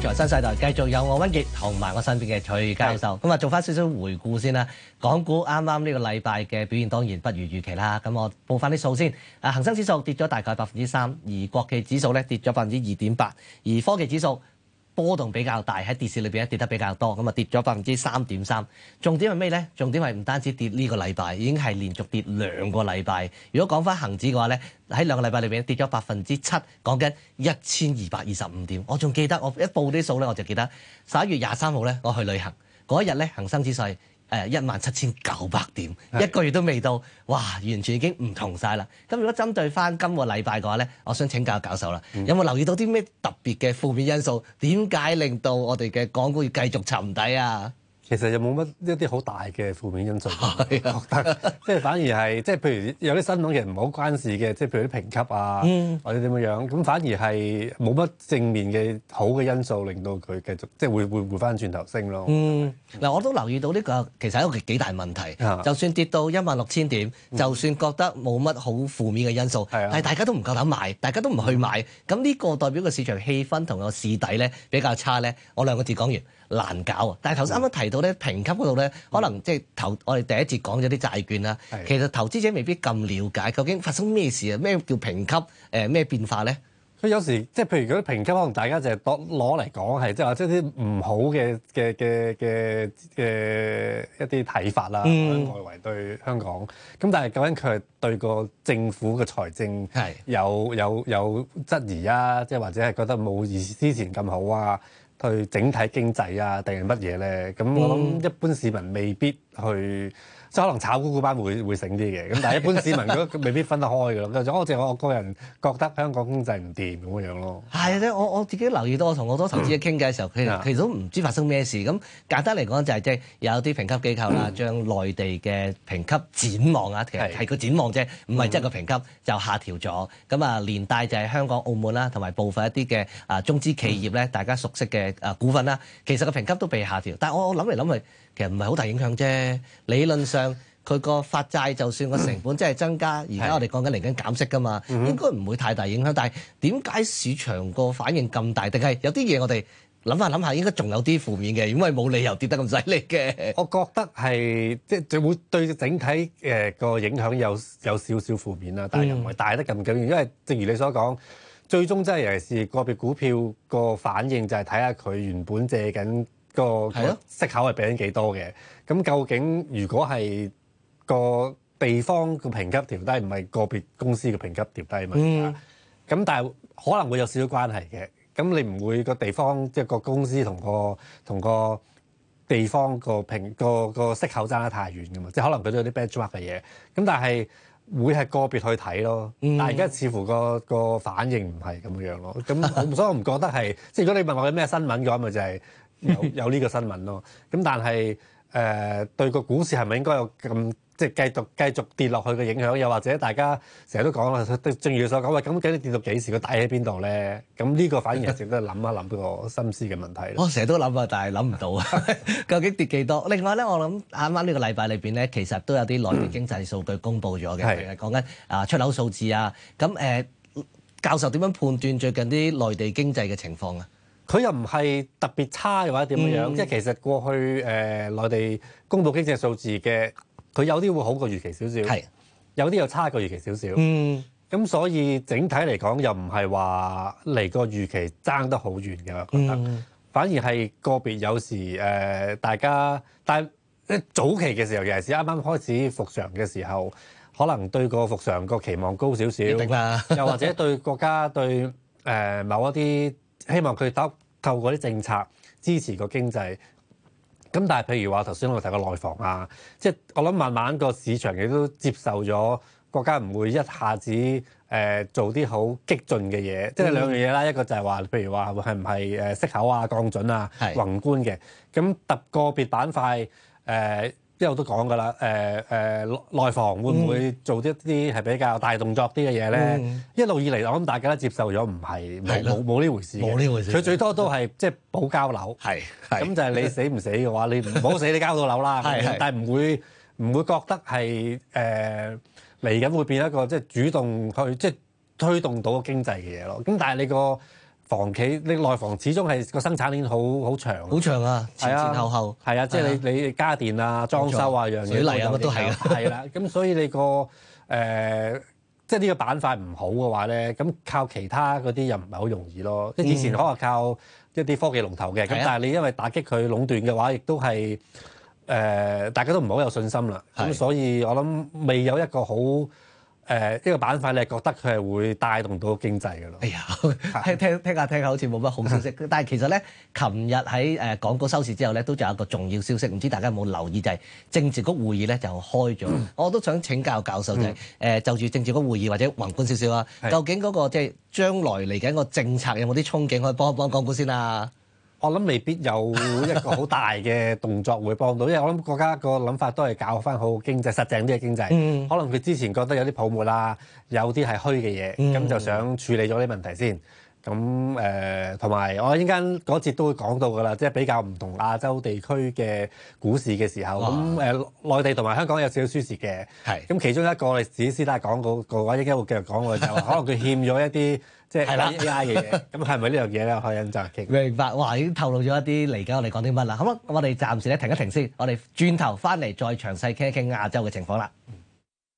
在新世代繼續有我溫杰同埋我身邊嘅徐教授，咁啊的做翻少少回顧先啦。港股啱啱呢個禮拜嘅表現當然不如預期啦。咁我報翻啲數先。啊，恒生指數跌咗大概百分之三，而國企指數咧跌咗百分之二點八，而科技指數。波動比較大，喺跌市裏邊咧跌得比較多，咁啊跌咗百分之三點三。重點係咩呢？重點係唔單止跌呢個禮拜，已經係連續跌兩個禮拜。如果講翻恒指嘅話呢，喺兩個禮拜裏邊跌咗百分之七，講緊一千二百二十五點。我仲記得我一報啲數呢，我就記得十一月廿三號呢，我去旅行嗰一日呢，恒生指數誒一萬七千九百點，是一個月都未到，哇！完全已經唔同晒啦。咁如果針對翻今個禮拜嘅話呢，我想請教教授啦，有冇留意到啲咩特別嘅負面因素？點解令到我哋嘅港股要繼續沉底啊？其實又冇乜一啲好大嘅負面因素，係、啊、覺得 即係反而係即係，譬如有啲新聞其實唔好關事嘅，即係譬如啲評級啊，嗯、或者點樣樣，咁反而係冇乜正面嘅好嘅因素令到佢繼續即係會,會回回返轉頭升咯。嗯，嗱，我都留意到呢個其實係一個幾大問題。啊、就算跌到一萬六千點，就算覺得冇乜好負面嘅因素，係、嗯、大家都唔夠膽買，大家都唔去買，咁呢個代表個市場氣氛同個市底咧比較差咧。我兩個字講完。難搞啊！但係頭先啱啱提到咧，是的 評級嗰度咧，可能即係頭我哋第一節講咗啲債券啦。是的 其實投資者未必咁了解究竟發生咩事啊？咩叫評級？誒咩變化咧？佢有時即係譬如嗰啲評級，是是嗯、可能大家就係當攞嚟講係即係話，即係啲唔好嘅嘅嘅嘅嘅一啲睇法啦。外圍對香港咁，但係究竟佢對個政府嘅財政有是的 有有有質疑啊？即係或者係覺得冇以前咁好啊？對整體經濟啊，定係乜嘢咧？咁我諗一般市民未必。去即係可能炒股股班會會醒啲嘅，咁但係一般市民都未必分得開嘅咯。 就好似我個人覺得香港經濟唔掂咁樣樣咯。係啫， 我我自己留意到，我同好多投資者傾偈嘅時候，佢哋其實都唔知發生咩事。咁簡單嚟講就係即係有啲評級機構啦，將內地嘅評級展望啊，嗯、其實係個展望啫，唔係即係個評級就下調咗。咁啊、嗯、連帶就係香港、澳門啦，同埋部分一啲嘅啊中資企業咧，嗯、大家熟悉嘅啊股份啦，其實個評級都被下調。但係我我諗嚟諗去，其實唔係好大影響啫。理論上佢個發債就算個成本真係增加，而家我哋講緊嚟緊減息㗎嘛，的應該唔會太大影響。但係點解市場個反應咁大？定係有啲嘢我哋諗下諗下，應該仲有啲負面嘅，因為冇理由跌得咁犀利嘅。我覺得係即係會對整體誒個影響有有少少負面啦，但係又唔係大得咁緊要，因為正如你所講，最終真係尤其是個別股票個反應就係睇下佢原本借緊。個息口係俾緊幾多嘅？咁究竟如果係個地方個評級調低，唔係個別公司嘅評級調低嘛？啊嘛、嗯。咁但係可能會有少少關係嘅。咁你唔會個地方即係個公司同、個同個地方評個評個個息口爭得太遠嘅嘛？即係可能佢都有啲 bad draw 嘅嘢。咁但係會係個別去睇咯。嗯、但係而家似乎個個反應唔係咁樣咯。咁所以我唔覺得係。 即係如果你問我有咩新聞嘅話，咪就係、是。 有有呢個新聞咯，咁但係誒、呃、對個股市係咪應該有咁即係繼續繼續跌落去嘅影響？又或者大家成日都講啦，正如所講話，咁究竟跌到幾時？個底喺邊度咧？咁呢個反而想一直都係諗一諗個心思嘅問題。我成日都諗啊，但係諗唔到啊，究竟跌幾多？另外咧，我諗啱啱呢個禮拜裏邊咧，其實都有啲內地經濟數據公布咗嘅，係講緊啊出口數字啊。咁誒教授點樣判斷最近啲內地經濟嘅情況啊？佢又唔係特別差或者點樣，嗯、即係其實過去誒、呃、內地公布經濟數字嘅，佢有啲會好過預期少少，的有啲又差過預期少少。咁、嗯嗯、所以整體嚟講又唔係話嚟個預期爭得好遠嘅，我覺得。嗯、反而係個別有時誒、呃，大家但係、呃、早期嘅時候，尤其是啱啱開始復常嘅時候，可能對個復常個期望高少少，又定 或者對國家對誒、呃、某，某一啲。希望佢搭透過啲政策支持個經濟，咁但係譬如話頭先我提個內房啊，即係我諗慢慢個市場亦都接受咗國家唔會一下子誒、呃、做啲好激進嘅嘢，即係兩樣嘢啦，嗯、一個就係話譬如話係唔係誒息口啊降準啊是宏觀嘅，咁、那、特個別板塊誒。呃因為我都講噶啦，誒、呃、誒、呃、內房會唔會做一啲係比較大動作啲嘅嘢咧？嗯、一路以嚟，我諗大家都接受咗，唔係冇冇呢回事。冇呢回事，佢最多都係即係保交樓，係咁的就係你死唔死嘅話，你唔好死，你交到樓啦。係，但係唔會唔 會覺得係誒嚟緊會變一個即係、就是、主動去即係、就是、推動到個經濟嘅嘢咯。咁但係你個。房企呢，內房始終係個生產鏈好好長，好長啊，前前後後，係啊，即係、啊、你你家電啊、裝修啊樣嘢嚟，咁都係啊，啦、 嗯，咁所以你個誒即係呢個板塊唔好嘅話咧，咁靠其他嗰啲又唔係好容易咯、啊。即以前可能靠一啲科技龍頭嘅，咁、嗯、但係你因為打擊佢壟斷嘅話，亦都係誒、嗯、大家都唔好有信心啦。咁的所以我諗未有一個好。誒呢、呃這個板塊你係覺得佢係會帶動到經濟㗎咯？哎呀，聽聽下聽下，好似冇乜好消息。 但係其實咧，琴日喺誒港股收市之後咧，都仲有一個重要消息，唔知大家有冇留意就係、是、政治局會議咧就開咗。嗯、我都想請教教授就係、是、誒、嗯呃、就住政治局會議或者宏觀少少啊，是究竟嗰、那個即係、就是、將來嚟緊個政策有冇啲憧憬？可以幫，幫一幫講古先啦、啊。嗯我諗未必有一個好大嘅動作會幫到，因為我諗國家個諗法都係搞翻好經濟實淨啲嘅經濟。嗯、可能佢之前覺得有啲泡沫啦、啊，有啲係虛嘅嘢，咁、嗯、就想處理咗啲問題先。咁誒，同、呃、埋我一陣間嗰節都會講到噶啦，即、就、係、是、比較唔同亞洲地區嘅股市嘅時候。咁誒、哦，內、呃、地同埋香港有少少輸蝕嘅。係是。咁其中一個我自己先奶講嗰個話，應該會繼續講嘅就是，可能佢欠咗一啲。即係啦，AI 嘅嘢，咁係咪呢樣嘢咧？ 是是我可以繼續傾？明白，哇！已經透露咗一啲嚟緊，我哋講啲乜啦？好啦，我哋暫時咧停一停先，我哋轉頭翻嚟再詳細傾一傾亞洲嘅情況啦。嗯